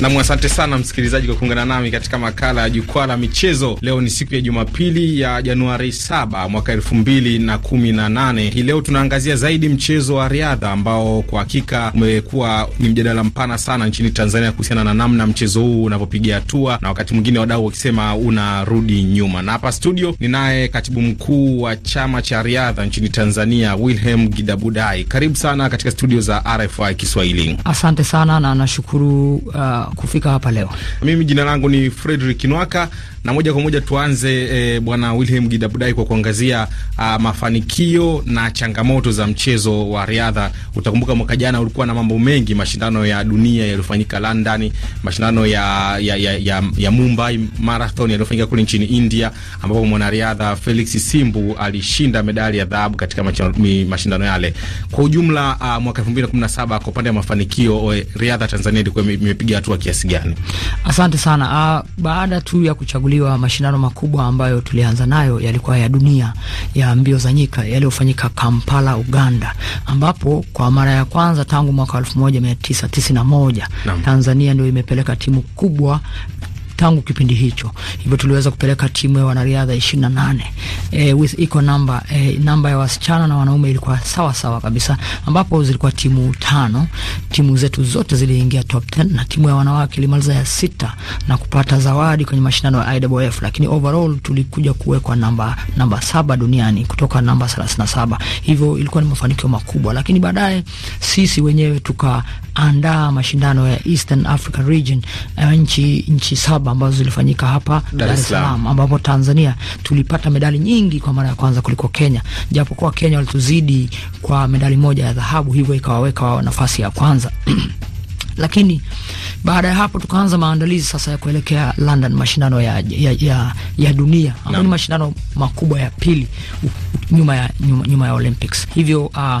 Nam, asante sana msikilizaji kwa kuungana nami katika makala ya jukwaa la michezo. Leo ni siku ya Jumapili ya Januari 7 mwaka elfu mbili na kumi na nane. Hii leo tunaangazia zaidi mchezo wa riadha ambao kwa hakika umekuwa ni mjadala mpana sana nchini Tanzania kuhusiana na namna mchezo huu unavyopiga hatua na wakati mwingine wadau wakisema unarudi nyuma, na hapa studio ninaye katibu mkuu wa chama cha riadha nchini Tanzania Wilhelm Gidabudai. Karibu sana katika studio za RFI Kiswahili. Asante sana na nashukuru uh, kufika hapa leo. Mimi jina langu ni Fredrick Nwaka na moja kwa moja tuanze eh, bwana Wilhelm Gidabudai kwa kuangazia ah, mafanikio na changamoto za mchezo wa riadha. Utakumbuka mwaka jana ulikuwa na mambo mengi, mashindano ya dunia yaliyofanyika London, mashindano ya ya, ya, ya, ya Mumbai Marathon yaliyofanyika kule nchini India, ambapo mwanariadha Felix Simbu alishinda medali ya dhahabu katika mashindano yale. Kwa ujumla ah, mwaka 2017 kwa upande wa mafanikio eh, riadha Tanzania ilikuwa imepiga hatua kiasi gani? Asante sana. Uh, baada tu ya kuchaguliwa, mashindano makubwa ambayo tulianza nayo yalikuwa ya dunia ya mbio za nyika yaliyofanyika Kampala, Uganda, ambapo kwa mara ya kwanza tangu mwaka 1991 Tanzania ndio imepeleka timu kubwa tangu kipindi hicho. Hivyo tuliweza kupeleka timu ya wanariadha 28 eh, with equal number eh, namba ya wasichana na wanaume ilikuwa sawa sawa kabisa, ambapo zilikuwa timu tano. Timu zetu zote ziliingia top 10 na timu ya wanawake ilimaliza ya sita na kupata zawadi kwenye mashindano ya IWF, lakini overall tulikuja kuwekwa namba namba saba duniani kutoka namba 37. Hivyo ilikuwa ni mafanikio makubwa, lakini baadaye sisi wenyewe tukaandaa mashindano ya Eastern Africa Region, eh, nchi nchi saba saba ambazo zilifanyika hapa Dar es Salaam, ambapo Tanzania tulipata medali nyingi kwa mara ya kwanza kuliko Kenya, japo kwa Kenya walituzidi kwa medali moja ya dhahabu, hivyo ikawaweka wao nafasi ya kwanza lakini baada ya hapo tukaanza maandalizi sasa ya kuelekea London, mashindano ya, ya, ya, ya dunia ambayo ni mashindano makubwa ya pili nyuma ya, nyuma, nyuma ya Olympics. Hivyo uh,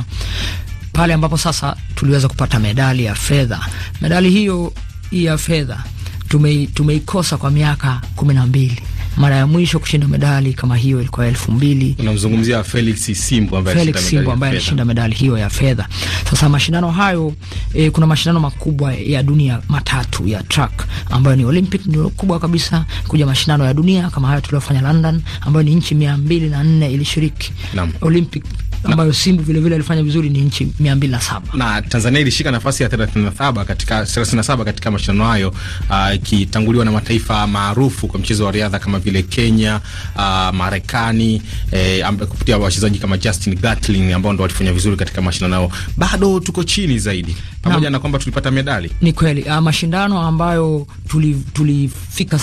pale ambapo sasa tuliweza kupata medali ya fedha. Medali hiyo ya fedha tume, tumeikosa kwa miaka kumi na mbili. Mara ya mwisho kushinda medali kama hiyo ilikuwa elfu mbili. Unamzungumzia Felix Simbu ambaye alishinda medali hiyo ya fedha. Sasa mashindano hayo e, kuna mashindano makubwa ya dunia matatu ya track ambayo ni Olympic ndio kubwa kabisa, kuja mashindano ya dunia kama hayo tuliyofanya London ambayo ni nchi mia mbili na nne ilishiriki Olympic ambayo Simba vile vile alifanya vizuri ni nchi 207. Na Tanzania ilishika nafasi ya 37 katika 37 katika mashindano hayo ah, ikitanguliwa uh, na mataifa maarufu kwa mchezo wa riadha kama vile Kenya, uh, Marekani, eh, ambaye kupitia wachezaji kama Justin Gatlin ambao ndo walifanya vizuri katika mashindano hayo. Bado tuko chini zaidi pamoja na, na kwamba tulipata medali. Ni kweli uh, mashindano ambayo tulifika tuli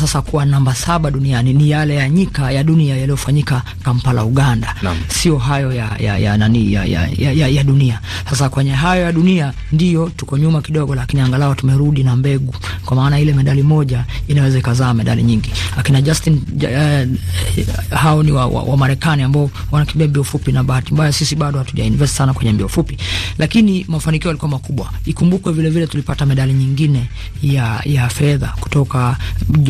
sasa kuwa namba saba duniani ni yale ya nyika ya dunia yaliyofanyika Kampala, Uganda. Naam. Sio hayo ya, ya, ya ya nani ya, ya, ya, ya ya dunia. Sasa kwenye hayo ya dunia ndio tuko nyuma kidogo, lakini angalau tumerudi na mbegu, kwa maana ile medali moja inaweza ikazaa medali nyingi. Akina Justin uh, hao ni wa, wa, wa Marekani ambao wanakimbia mbio fupi, na bahati mbaya sisi bado hatuja invest sana kwenye mbio fupi, lakini mafanikio yalikuwa makubwa. Ikumbukwe vile vile tulipata medali nyingine ya, ya fedha kutoka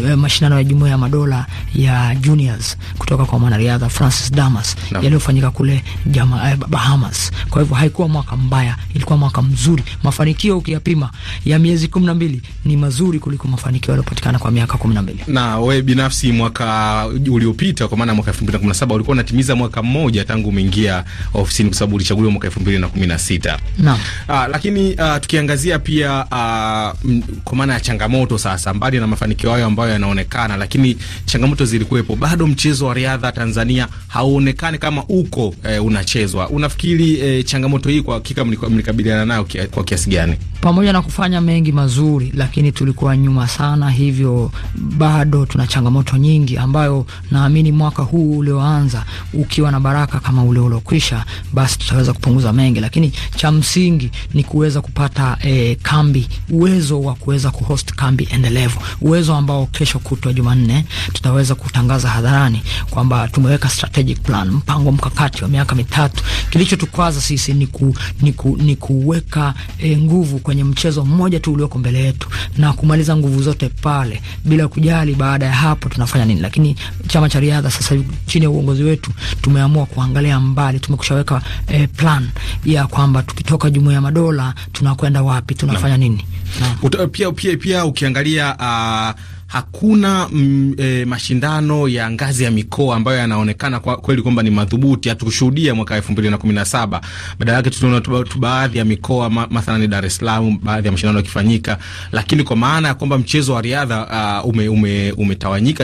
uh, mashindano ya Jumuiya ya Madola ya juniors kutoka kwa mwanariadha Francis Damas no. yaliyofanyika kule jama Eh, Bahamas. Kwa hivyo haikuwa mwaka mbaya, ilikuwa mwaka mzuri. Mafanikio ukiyapima ya miezi kumi na mbili ni mazuri kuliko mafanikio yaliyopatikana kwa miaka kumi na mbili. Na we binafsi mwaka uliopita, kwa maana mwaka elfu mbili na na kumi saba ulikuwa unatimiza mwaka mmoja tangu umeingia ofisini, kwa sababu ulichaguliwa mwaka elfu mbili na kumi 2016. Naam. Ah, lakini uh, tukiangazia pia uh, kwa maana ya changamoto sasa, mbali na mafanikio hayo ambayo yanaonekana, lakini changamoto zilikuwepo. Bado mchezo wa riadha Tanzania hauonekani kama uko eh, unachezwa kuongezwa. Unafikiri e, changamoto hii kwa hakika mlikabiliana nayo kwa kiasi gani? Pamoja na kufanya mengi mazuri, lakini tulikuwa nyuma sana, hivyo bado tuna changamoto nyingi ambayo naamini mwaka huu ulioanza ukiwa na baraka kama ule uliokwisha, basi tutaweza kupunguza mengi, lakini cha msingi ni kuweza kupata e, kambi, uwezo wa kuweza kuhost kambi endelevu, uwezo ambao kesho kutwa Jumanne tutaweza kutangaza hadharani kwamba tumeweka strategic plan, mpango mkakati wa miaka mitatu Kilichotukwaza sisi ni, ku, ni, ku, ni kuweka e, nguvu kwenye mchezo mmoja tu ulioko mbele yetu na kumaliza nguvu zote pale bila kujali baada ya hapo tunafanya nini. Lakini chama cha riadha sasa chini ya uongozi wetu tumeamua kuangalia mbali, tumekushaweka e, plan ya kwamba tukitoka jumuiya ya madola tunakwenda wapi, tunafanya nini na. Uta, pia, pia, pia ukiangalia uh hakuna mm, e, mashindano ya ngazi ya mikoa ambayo yanaonekana kwa kweli kwamba ni madhubuti. Hatukushuhudia mwaka elfu mbili na na kumi saba. badala yake tuliona tu, baadhi ya mikoa ma, mathalan Dar es Salaam baadhi ya mashindano yakifanyika, lakini kwa maana ya kwamba mchezo wa riadha uh, umetawanyika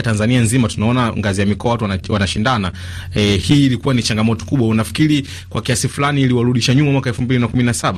ume, ume, Tanzania nzima, tunaona ngazi ya mikoa watu wanashindana. E, hii ilikuwa ni changamoto kubwa. Unafikiri kwa kiasi fulani iliwarudisha nyuma mwaka elfu mbili na kumi 2017?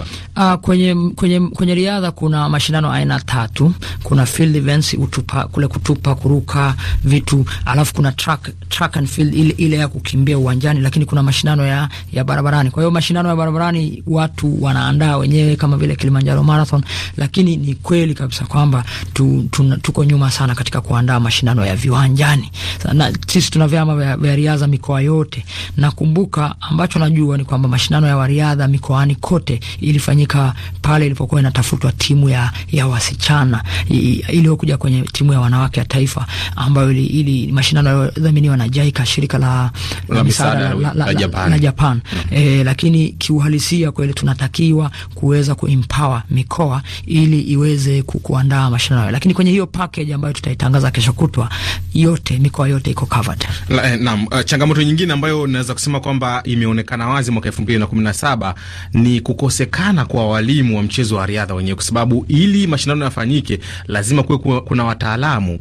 Uh, kwenye kwenye kwenye riadha kuna mashindano aina tatu, kuna field events utupa kule kutupa, kuruka vitu, alafu kuna track, track and field ile, ile ya kukimbia uwanjani, lakini kuna mashindano ya, ya barabarani. Kwa hiyo mashindano ya barabarani watu wanaandaa wenyewe kama vile Kilimanjaro Marathon, lakini ni kweli kabisa kwamba tu, tu, tuko nyuma sana katika kuandaa mashindano ya viwanjani. Na sisi tuna vyama vya riadha mikoa yote. Nakumbuka ambacho najua ni kwamba mashindano ya riadha mikoani kote ilifanyika pale ilipokuwa inatafutwa timu ya, ya wasichana iliyokuja kwenye timu ya wanawake ya taifa ambayo ili, ili mashindano yaliyodhaminiwa na JICA shirika la, la misaada la, la, Japan, la Japan. Mm -hmm. E, lakini kiuhalisia kweli tunatakiwa kuweza kuempower mikoa ili iweze kuandaa mashindano, lakini kwenye hiyo package ambayo tutaitangaza kesho kutwa, yote mikoa yote iko covered. Eh, naam, uh, changamoto nyingine ambayo naweza kusema kwamba imeonekana wazi mwaka 2017 ni kukosekana kwa walimu wa mchezo wa riadha wenyewe, kwa sababu ili mashindano yafanyike lazima kuwe kuna wataalamu nidhamu.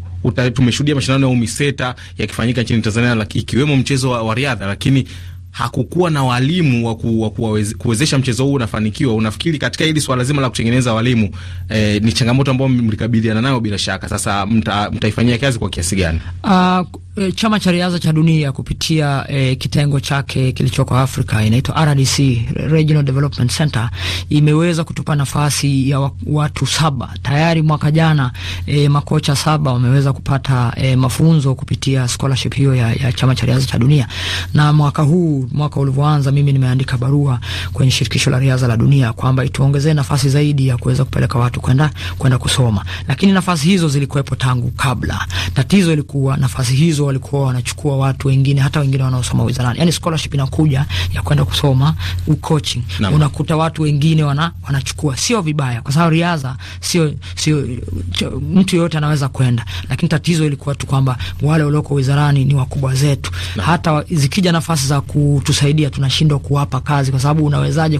Tumeshuhudia mashindano ya UMISETA yakifanyika nchini Tanzania, ikiwemo mchezo wa, wa riadha, lakini hakukuwa na walimu wa kuwezesha mchezo huu unafanikiwa. Unafikiri katika hili swala zima la kutengeneza walimu e, ni changamoto ambayo mlikabiliana nayo bila shaka. Sasa mta, mtaifanyia kazi kwa kiasi gani? Uh, e, chama cha riadha cha dunia kupitia e, kitengo chake kilichoko Afrika inaitwa RDC, Regional Development Center, imeweza kutupa nafasi ya watu saba tayari. Mwaka jana e, makocha saba wameweza kupata e, mafunzo kupitia scholarship hiyo ya, ya chama cha riadha cha dunia, na mwaka huu, mwaka ulivyoanza, mimi nimeandika barua kwenye shirikisho la riadha la dunia kwamba ituongezee nafasi zaidi ya kuweza kupeleka watu kwenda kwenda kusoma, lakini nafasi hizo zilikuwepo tangu kabla. Tatizo ilikuwa nafasi hizo ndio walikuwa wanachukua watu wengine, hata wengine wanaosoma wizarani. Yani scholarship inakuja ya kwenda kusoma ucoaching, unakuta watu wengine wana, wanachukua. Sio vibaya, kwa sababu riadha sio sio mtu yeyote anaweza kwenda, lakini tatizo ilikuwa tu kwamba wale walioko wizarani ni wakubwa zetu na. Hata zikija nafasi za kutusaidia tunashindwa kuwapa kazi, kwa sababu unawezaje kumwagiza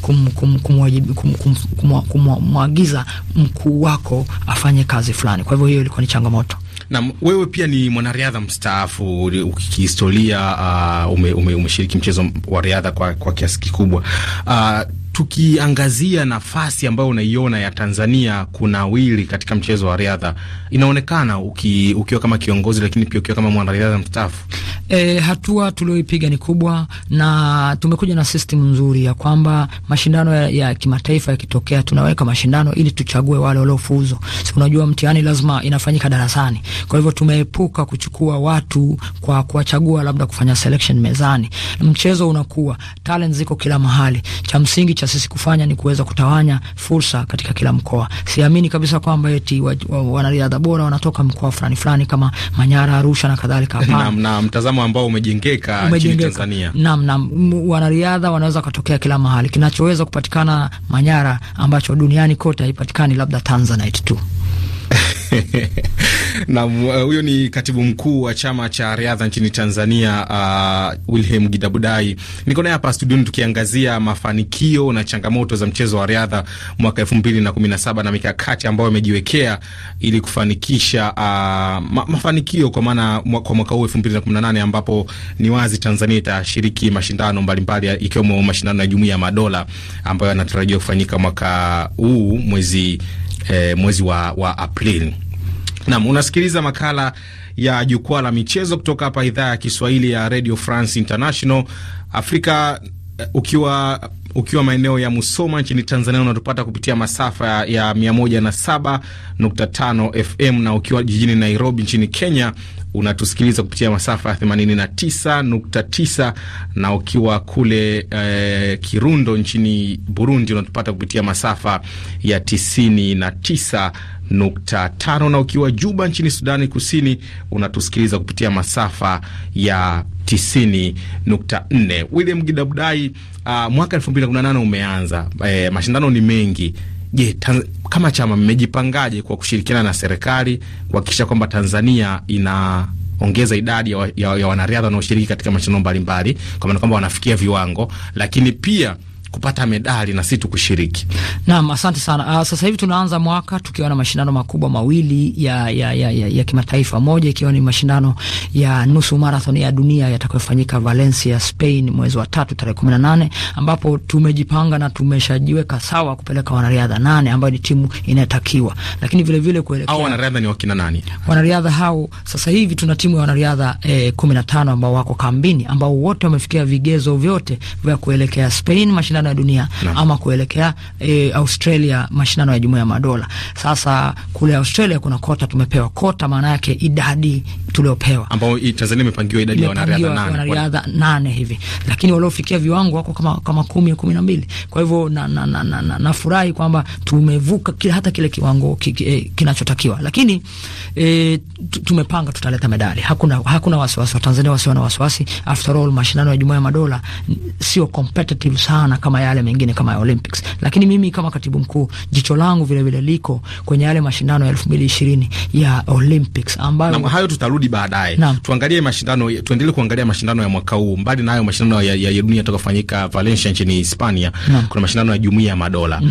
kum, kum, kum, kum, kum, kum, mkuu wako afanye kazi fulani? Kwa hivyo hiyo ilikuwa ni changamoto. Na wewe pia ni mwanariadha mstaafu kihistoria, uh, umeshiriki ume, ume mchezo wa riadha kwa, kwa kiasi kikubwa uh, tukiangazia nafasi ambayo unaiona ya Tanzania kuna wili katika mchezo wa riadha, inaonekana uki, ukiwa kama kiongozi, lakini pia ukiwa kama mwanariadha mstaafu. E, hatua tulioipiga ni kubwa na tumekuja na system nzuri ya kwamba mashindano ya, ya kimataifa yakitokea, tunaweka mashindano ili tuchague wale waliofuzu. Si unajua mtihani lazima inafanyika darasani, kwa hivyo tumeepuka kuchukua watu kwa kuwachagua labda kufanya selection mezani. Mchezo unakuwa talent ziko kila mahali, cha msingi cha sisi kufanya ni kuweza kutawanya fursa katika kila mkoa. Siamini kabisa kwamba eti wanariadha bora wanatoka mkoa fulani fulani kama Manyara, Arusha na kadhalika. Hapana, na mtazamo ambao umejengeka nchini Tanzania. Naam, na wanariadha wanaweza kutokea kila mahali. Kinachoweza kupatikana Manyara ambacho duniani kote haipatikani labda Tanzanite tu. Naam, eh, huyo uh, ni katibu mkuu wa chama cha riadha nchini Tanzania uh, Wilhelm Gidabudai. Niko naye hapa studioni tukiangazia mafanikio na changamoto za mchezo wa riadha mwaka 2017 na, na mikakati ambayo imejiwekea ili kufanikisha uh, ma, mafanikio kwa maana kwa mwaka huu 2018 ambapo ni wazi Tanzania itashiriki mashindano mbalimbali ikiwemo mashindano ya Jumuiya ya Madola ambayo yanatarajiwa kufanyika mwaka huu mwezi eh, mwezi wa, wa Aprili. Nam, unasikiliza makala ya jukwaa la michezo kutoka hapa idhaa ya Kiswahili ya Radio France International Afrika eh, ukiwa ukiwa maeneo ya Musoma nchini Tanzania unatupata kupitia masafa ya 107.5 FM na ukiwa jijini Nairobi nchini Kenya unatusikiliza kupitia masafa ya 89.9 na ukiwa kule eh, Kirundo nchini Burundi unatupata kupitia masafa ya 99 nukta tano na ukiwa Juba nchini Sudani Kusini unatusikiliza kupitia masafa ya tisini William Gidabudai, uh, ah, mwaka elfu umeanza, e, mashindano ni mengi. Je, kama chama mmejipangaje kwa kushirikiana na serikali kuhakikisha kwamba Tanzania ina ongeza idadi ya, ya, ya wanariadha wanaoshiriki katika mashindano mbalimbali, kwa maana kwamba wanafikia viwango, lakini pia kupata medali na si tu kushiriki. Naam, asante sana. Uh, sasa hivi tunaanza mwaka tukiwa na mashindano makubwa mawili ya, ya, ya, ya, ya kimataifa, moja ikiwa ni mashindano ya nusu marathon ya dunia yatakayofanyika Valencia, Spain mwezi wa tatu tarehe kumi na nane ambapo tumejipanga na tumeshajiweka sawa kupeleka wanariadha nane ambayo ni timu inayotakiwa, lakini vilevile vile kuelekea au wanariadha ni wakina nani? Wanariadha hao sasa hivi tuna timu ya wanariadha eh, kumi na tano ambao wako kambini ambao wote wamefikia vigezo vyote vya kuelekea Spain mashindano mashindano ya dunia no. ama kuelekea e, Australia mashindano ya jumuiya ya madola. Sasa kule Australia kuna kota, tumepewa kota, maana yake idadi tuliopewa, ambao Tanzania imepangiwa idadi ya wanariadha nane, wanariadha nane hivi, lakini waliofikia viwango wako kama kama kumi au kumi na mbili. Kwa hivyo na, na, na, na, na, nafurahi kwamba tumevuka kila, hata kile kiwango ki, ki, e, kinachotakiwa, lakini e, tumepanga tutaleta medali, hakuna hakuna wasiwasi. Watanzania wasiwe na wasiwasi, after all mashindano ya jumuiya ya madola sio competitive sana kama kama yale mengine kama ya Olympics. Lakini mimi kama katibu mkuu, jicho langu vile vile liko kwenye yale mashindano ya 2020 ya Olympics ambayo na hayo tutarudi baadaye. Tuangalie mashindano, tuendelee kuangalia mashindano ya mwaka huu. Mbali na hayo mashindano ya, ya, ya dunia yatakayofanyika Valencia nchini Hispania, kuna mashindano ya Jumuiya ya Madola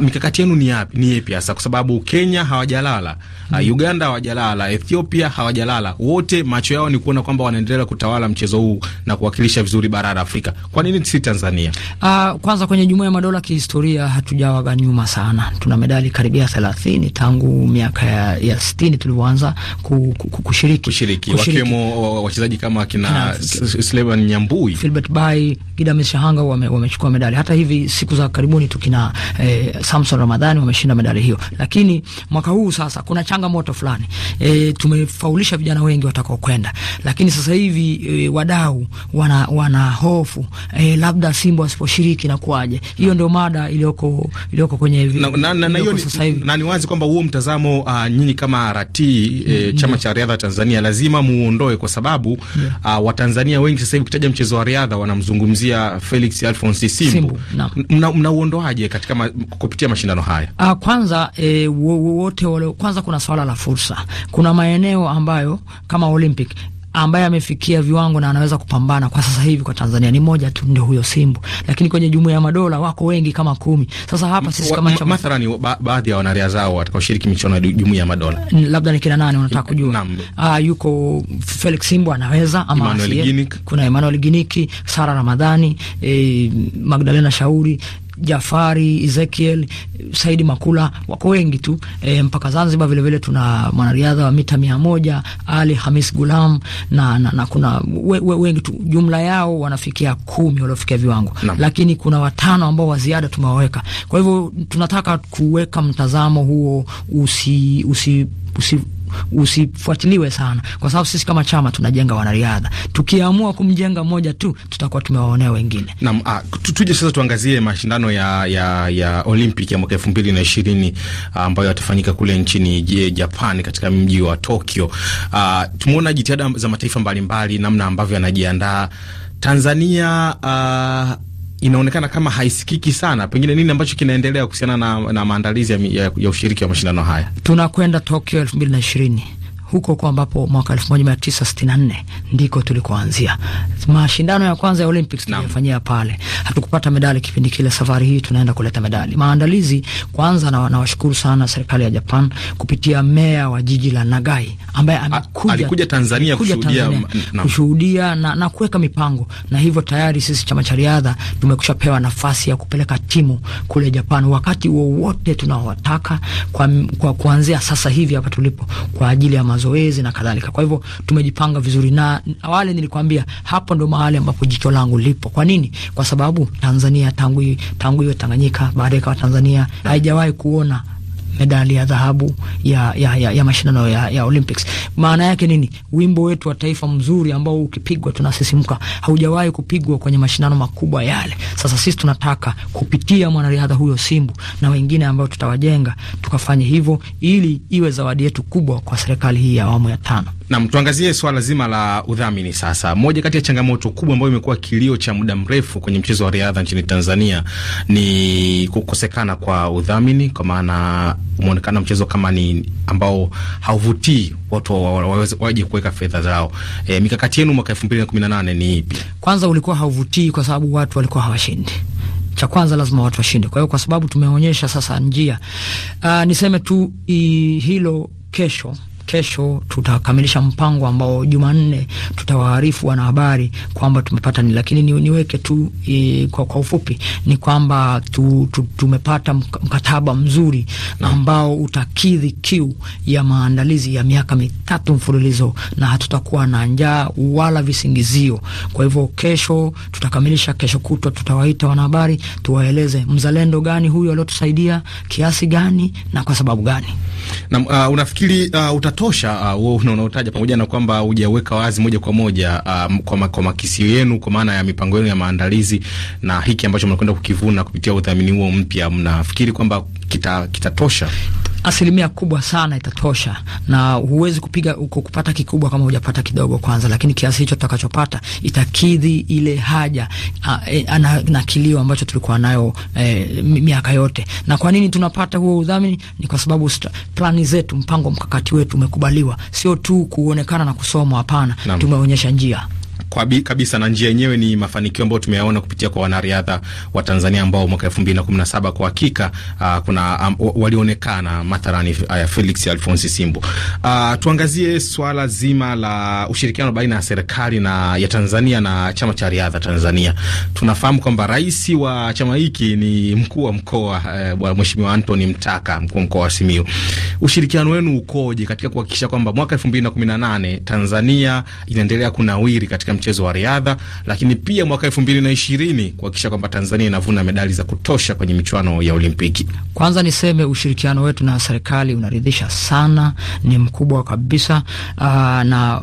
mikakati yenu ni yapi, ni yapi hasa, kwa sababu Kenya hawajalala hmm. uh, Uganda hawajalala, Ethiopia hawajalala, wote macho yao ni kuona kwamba wanaendelea kutawala mchezo huu na kuwakilisha vizuri bara la Afrika. Kwa nini si Tanzania? Uh, kwanza kwenye Jumuiya ya Madola kihistoria hatujawaga nyuma sana, tuna medali karibia thelathini tangu miaka ya, ya sitini tulivyoanza ku, ku, ku, kushiriki, kushiriki, kushiriki. wakiwemo wachezaji kama kina Sleban Nyambui, Philbert Bayi, Gidamis Shahanga wamechukua wame medali. Hata hivi siku za karibuni tukina eh, Samson Ramadhani wameshinda medali hiyo, lakini mwaka huu sasa kuna changamoto fulani e, tumefaulisha vijana wengi watakao kwenda, lakini sasa hivi e, wadau wana, wana hofu e, labda Simba wasiposhiriki na kuaje? Hiyo ndio mada iliyoko iliyoko kwenye hivi na, na, na, na ni wazi kwamba huo mtazamo uh, nyinyi kama RT eh, mm-hmm. chama cha riadha Tanzania lazima muondoe kwa sababu yeah. uh, Watanzania wengi sasa hivi kitaja mchezo wa riadha wanamzungumzia Felix Alphonse Simbu, mnauondoaje katika ma, kupitia mashindano haya? Ah, kwanza e, wote wale, kwanza kuna swala la fursa. Kuna maeneo ambayo kama Olympic ambaye amefikia viwango na anaweza kupambana kwa sasa hivi kwa Tanzania ni moja tu, ndio huyo Simbu, lakini kwenye Jumuiya ya Madola wako wengi kama kumi. Sasa hapa sisi kama chama mathalani, ba baadhi ya wanariadha hao watakaoshiriki michuano ya Jumuiya ya Madola labda ni kina nani unataka kujua? Ah, yuko Felix Simbu anaweza, ama Emmanuel Ginik, kuna Emmanuel Giniki, Sara Ramadhani, eh, Magdalena Shauri, Jafari Ezekiel, Saidi Makula, wako wengi tu e, mpaka Zanzibar vile vile tuna mwanariadha wa mita mia moja Ali Hamis Gulam na, na, na kuna we, we, wengi tu, jumla yao wanafikia kumi waliofikia viwango na, lakini kuna watano ambao wa ziada tumewaweka. Kwa hivyo tunataka kuweka mtazamo huo usi, usi, usi usifuatiliwe sana, kwa sababu sisi kama chama tunajenga wanariadha. Tukiamua kumjenga mmoja tu, tutakuwa tumewaonea wengine. Naam, ah, tuje sasa tuangazie mashindano ya ya ya Olympic ya mwaka elfu mbili na ishirini ah, ambayo yatafanyika kule nchini Japan katika mji wa Tokyo. Ah, tumeona jitihada za mataifa mbalimbali, namna ambavyo yanajiandaa Tanzania. Uh, inaonekana kama haisikiki sana. Pengine nini ambacho kinaendelea kuhusiana na, na maandalizi ya, ya, ya ushiriki wa mashindano haya? Tunakwenda Tokyo elfu mbili na ishirini huko kwa ambapo mwaka 1964 ndiko tulikoanzia mashindano ya kwanza ya Olympics tulifanyia pale. Hatukupata medali kipindi kile, safari hii tunaenda kuleta medali. Maandalizi kwanza, na nawashukuru sana serikali ya Japan kupitia meya wa jiji la Nagai ambaye amekuja alikuja Tanzania kushuhudia kushuhudia na, na kuweka mipango, na hivyo tayari sisi chama cha riadha tumekushapewa nafasi ya kupeleka timu kule Japan wakati wowote tunaowataka kwa, kwa kuanzia sasa hivi hapa tulipo kwa ajili ya mazo mazoezi na kadhalika. Kwa hivyo tumejipanga vizuri, na awali nilikwambia hapo ndo mahali ambapo jicho langu lipo. Kwa nini? Kwa sababu Tanzania tangu tangu hiyo Tanganyika, baada ikawa Tanzania, haijawahi kuona medali ya dhahabu ya, ya, ya, ya mashindano ya, ya Olympics. Maana yake nini? Wimbo wetu wa taifa mzuri ambao ukipigwa tunasisimka, haujawahi kupigwa kwenye mashindano makubwa yale. Sasa sisi tunataka kupitia mwanariadha huyo Simbu na wengine ambao tutawajenga tukafanye hivyo, ili iwe zawadi yetu kubwa kwa serikali hii ya awamu ya tano. Nam, tuangazie swala zima la udhamini sasa. Moja kati ya changamoto kubwa ambayo imekuwa kilio cha muda mrefu kwenye mchezo wa riadha nchini Tanzania ni kukosekana kwa udhamini, kwa maana umeonekana mchezo kama ni ambao hauvutii watu waweze waje kuweka fedha zao. E, mikakati yenu mwaka na na kumi nane ni ipi? Kwanza ulikuwa hauvutii kwa sababu watu walikuwa hawashindi cha kwanza lazima watu washinde. Kwa hiyo kwa sababu tumeonyesha sasa njia, uh, niseme tu i, hilo kesho kesho tutakamilisha mpango ambao Jumanne tutawaarifu wanahabari kwamba tumepata nini, lakini ni, niweke tu e, kwa, kwa ufupi ni kwamba tu, tu, tumepata mkataba mzuri ambao utakidhi kiu ya maandalizi ya miaka mitatu mfululizo, na hatutakuwa na njaa wala visingizio. Kwa hivyo kesho tutakamilisha, kesho kutwa tutawaita wanahabari, tuwaeleze mzalendo gani huyo aliotusaidia kiasi gani na kwa sababu gani. Na, uh, unafikiri uh, uta unatosha huo uh, unaotaja pamoja na kwamba hujaweka wazi moja kwa moja uh, kwa, kwa makisio yenu kwa maana ya mipango yenu ya maandalizi na hiki ambacho mnakwenda kukivuna kupitia udhamini huo mpya, mnafikiri kwamba kitatosha kita asilimia kubwa sana itatosha, na huwezi kupiga kupata kikubwa kama hujapata kidogo kwanza, lakini kiasi hicho tutakachopata itakidhi ile haja e, na kilio ambacho tulikuwa nayo e, miaka yote. Na kwa nini tunapata huo udhamini? Ni kwa sababu plani zetu, mpango mkakati wetu umekubaliwa, sio tu kuonekana na kusomwa. Hapana, tumeonyesha njia kabisa, na njia yenyewe ni mafanikio ambayo tumeyaona kupitia kwa wanariadha wa Tanzania ambao mwaka 2017 kwa hakika uh, kuna um, walionekana mathalani uh, Felix Alphonse Simbo. Uh, tuangazie swala zima la ushirikiano baina ya serikali na ya Tanzania na chama cha riadha Tanzania. Tunafahamu kwamba rais wa chama hiki ni mkuu wa mkoa uh, Mheshimiwa Anthony Mtaka, mkuu wa mkoa wa Simiyu. Ushirikiano wenu ukoje katika kuhakikisha kwamba mwaka 2018 Tanzania inaendelea kunawiri katika mchezo wa riadha, lakini pia mwaka elfu mbili na ishirini kuhakikisha kwamba Tanzania inavuna medali za kutosha kwenye michuano ya Olimpiki. Kwanza niseme ushirikiano wetu na serikali unaridhisha sana, ni mkubwa kabisa. Aa, ah, na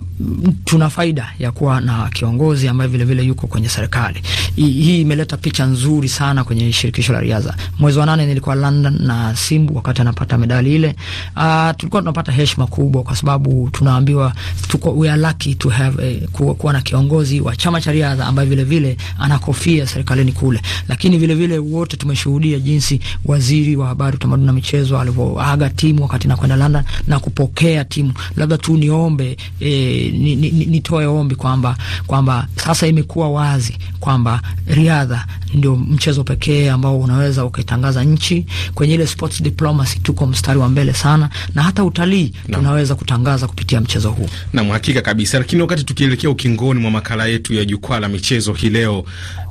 tuna faida ya kuwa na kiongozi ambaye vilevile yuko kwenye serikali. Hii imeleta picha nzuri sana kwenye shirikisho la riadha. Mwezi wa nane nilikuwa London na Simbu wakati anapata medali ile. Aa, ah, tulikuwa tunapata heshima kubwa kwa sababu tunaambiwa tuko we are lucky to have a, eh, kuwa, kuwa na kiongozi kiongozi wa chama cha riadha ambaye vile vile anakofia serikalini kule, lakini vile vile wote tumeshuhudia jinsi waziri wa habari, utamaduni na michezo alivyoaga timu wakati nakwenda London na kupokea timu. Labda tu niombe e, ni, ni, ni, ombi kwamba kwamba sasa imekuwa wazi kwamba riadha ndio mchezo pekee ambao unaweza ukaitangaza nchi. Kwenye ile sports diplomacy tuko mstari wa mbele sana, na hata utalii tunaweza kutangaza kupitia mchezo huu. Na hakika kabisa, lakini wakati tukielekea ukingoni mwa makala yetu ya jukwaa la michezo hii leo.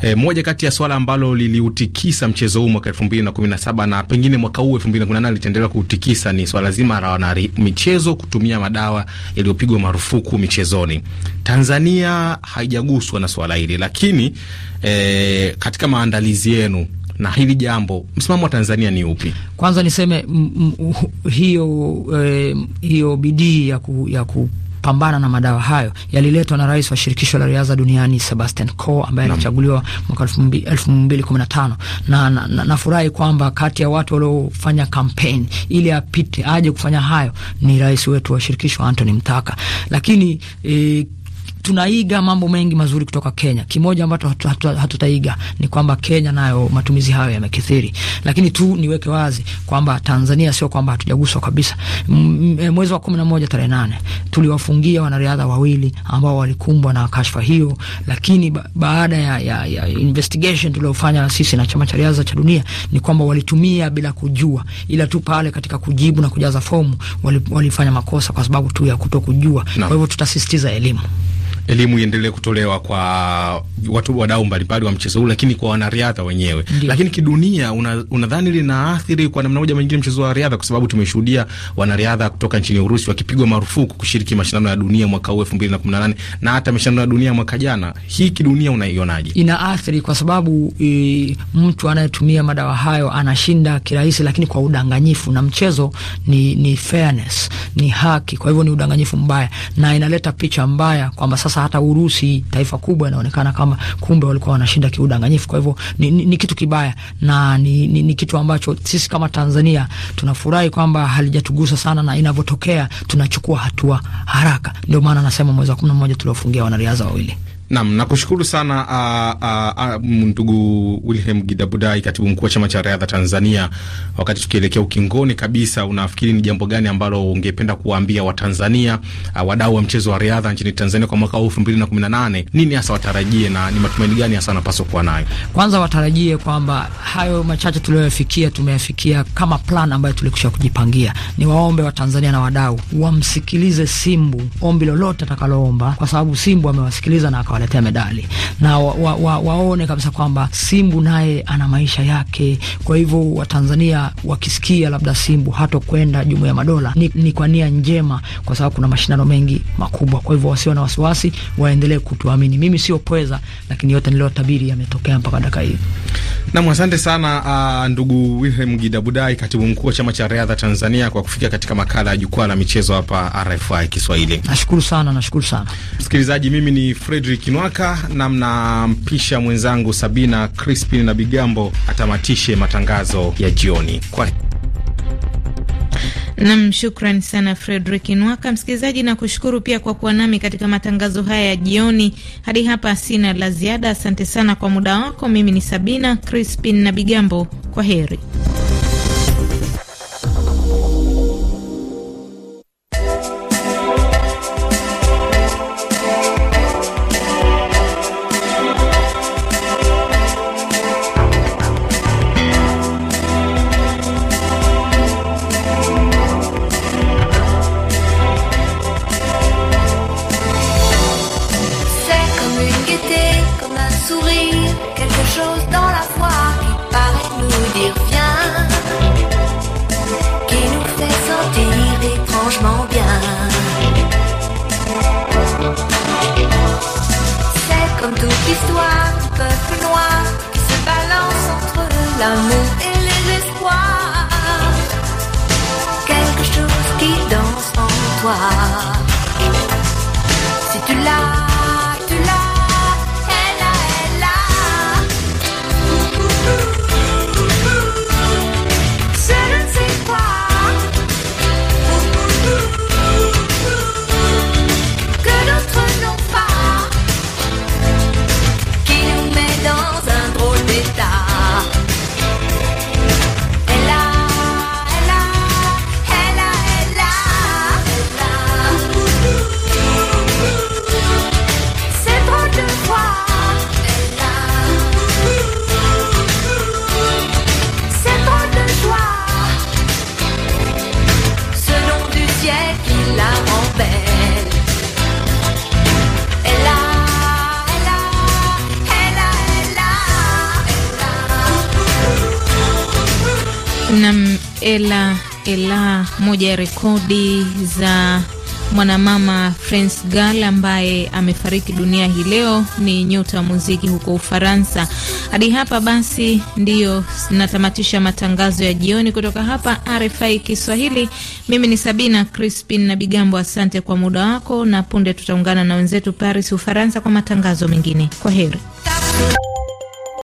E, moja kati ya swala ambalo liliutikisa mchezo huu mwaka mbili na pengine mwaka huu nane litaendelea kuutikisa ni swala zima la michezo kutumia madawa yaliyopigwa marufuku michezoni. Tanzania haijaguswa na swala hili, lakini e, katika maandalizi yenu na hili jambo, msimamo wa Tanzania ni upi? Kwanza niseme m, m, hiyo, e, hiyo bidii ya, ku, ya ku kupambana na madawa hayo yaliletwa na rais wa shirikisho la riadha duniani Sebastian Coe ambaye alichaguliwa mwaka 2015 na nafurahi na, na kwamba kati ya watu waliofanya kampeni ili apite aje kufanya hayo ni rais wetu wa shirikisho Anthony Mtaka, lakini e, tunaiga mambo mengi mazuri kutoka Kenya. Kimoja ambacho hatutaiga hatu, hatu ni kwamba Kenya nayo matumizi hayo yamekithiri, lakini tu niweke wazi kwamba Tanzania sio kwamba hatujaguswa kabisa. Mwezi wa kumi na moja tarehe nane tuliwafungia wanariadha wawili ambao walikumbwa na kashfa hiyo, lakini ba baada ya, ya, ya investigation tuliofanya na sisi na chama cha riadha cha dunia ni kwamba walitumia bila kujua, ila tu pale katika kujibu na kujaza fomu walifanya makosa kwa sababu tu ya kutokujua. Kwa hivyo tutasisitiza elimu elimu iendelee kutolewa kwa watu wadau mbalimbali wa mchezo huu, lakini kwa wanariadha wenyewe. Lakini kidunia, unadhani una linaathiri kwa namna moja mwingine mchezo wa riadha, kwa sababu tumeshuhudia wanariadha kutoka nchini Urusi wakipigwa marufuku kushiriki mashindano ya dunia mwaka huu 2018 na hata mashindano ya dunia mwaka jana. Hii kidunia unaionaje? Ina athiri kwa sababu e, mtu anayetumia madawa hayo anashinda kirahisi, lakini kwa udanganyifu, na mchezo ni, ni fairness, ni haki. Kwa hivyo ni udanganyifu mbaya na inaleta picha mbaya kwamba sasa sasa hata Urusi, taifa kubwa, inaonekana kama kumbe walikuwa wanashinda kiudanganyifu. Kwa hivyo ni, ni, ni kitu kibaya na ni, ni, ni kitu ambacho sisi kama Tanzania tunafurahi kwamba halijatugusa sana, na inavyotokea tunachukua hatua haraka. Ndio maana nasema mwezi wa kumi na moja tuliofungia wanariadha wawili Nam, nakushukuru sana uh, uh, ndugu Wilhelm Gidabudai, katibu mkuu wa chama cha riadha Tanzania. Wakati tukielekea ukingoni kabisa, unafikiri ni jambo gani ambalo ungependa kuwaambia Watanzania, uh, wadau wa mchezo wa riadha nchini Tanzania kwa mwaka huu elfu mbili na kumi na nane? Nini hasa watarajie na ni matumaini gani hasa wanapaswa kuwa nayo? Kwanza watarajie kwamba hayo machache tuliyoyafikia tumeyafikia kama plan ambayo tulikusha kujipangia. Ni waombe Watanzania na wadau wamsikilize Simbu ombi lolote atakaloomba, kwa sababu Simbu amewasikiliza na akawaletea medali na wa, wa, wa, waone kabisa kwamba Simbu naye ana maisha yake. Kwa hivyo Watanzania wakisikia labda Simbu kwenda Jumuiya ya Madola ni, ni kwa nia njema, kwa sababu kuna mashindano mengi makubwa. Kwa hivyo wasio na wasiwasi, waendelee kutuamini. Mimi sio pweza, lakini yote niliyotabiri yametokea mpaka dakika hii. Nam, asante sana uh, ndugu Wilhelm Gidabudai, katibu mkuu wa chama cha riadha Tanzania, kwa kufika katika makala ya jukwaa la michezo hapa RFI Kiswahili. Nashukuru sana, nashukuru sana msikilizaji. Mimi ni Fredrik Nwaka na mnampisha mwenzangu Sabina Crispin na Bigambo atamatishe matangazo ya jioni kwa Nam, shukran sana Fredrick Nwaka. Msikilizaji, na kushukuru pia kwa kuwa nami katika matangazo haya ya jioni. Hadi hapa sina la ziada, asante sana kwa muda wako. Mimi ni Sabina Crispin na Bigambo, kwa heri. Quelque chose qui danse en toi. Si tu l'as. Ela Ela, moja ya rekodi za mwanamama France Gall ambaye amefariki dunia hii leo, ni nyota wa muziki huko Ufaransa. Hadi hapa basi ndiyo natamatisha matangazo ya jioni kutoka hapa RFI Kiswahili. Mimi ni Sabina Crispin na Bigambo, asante kwa muda wako, na punde tutaungana na wenzetu Paris, Ufaransa, kwa matangazo mengine. Kwa heri.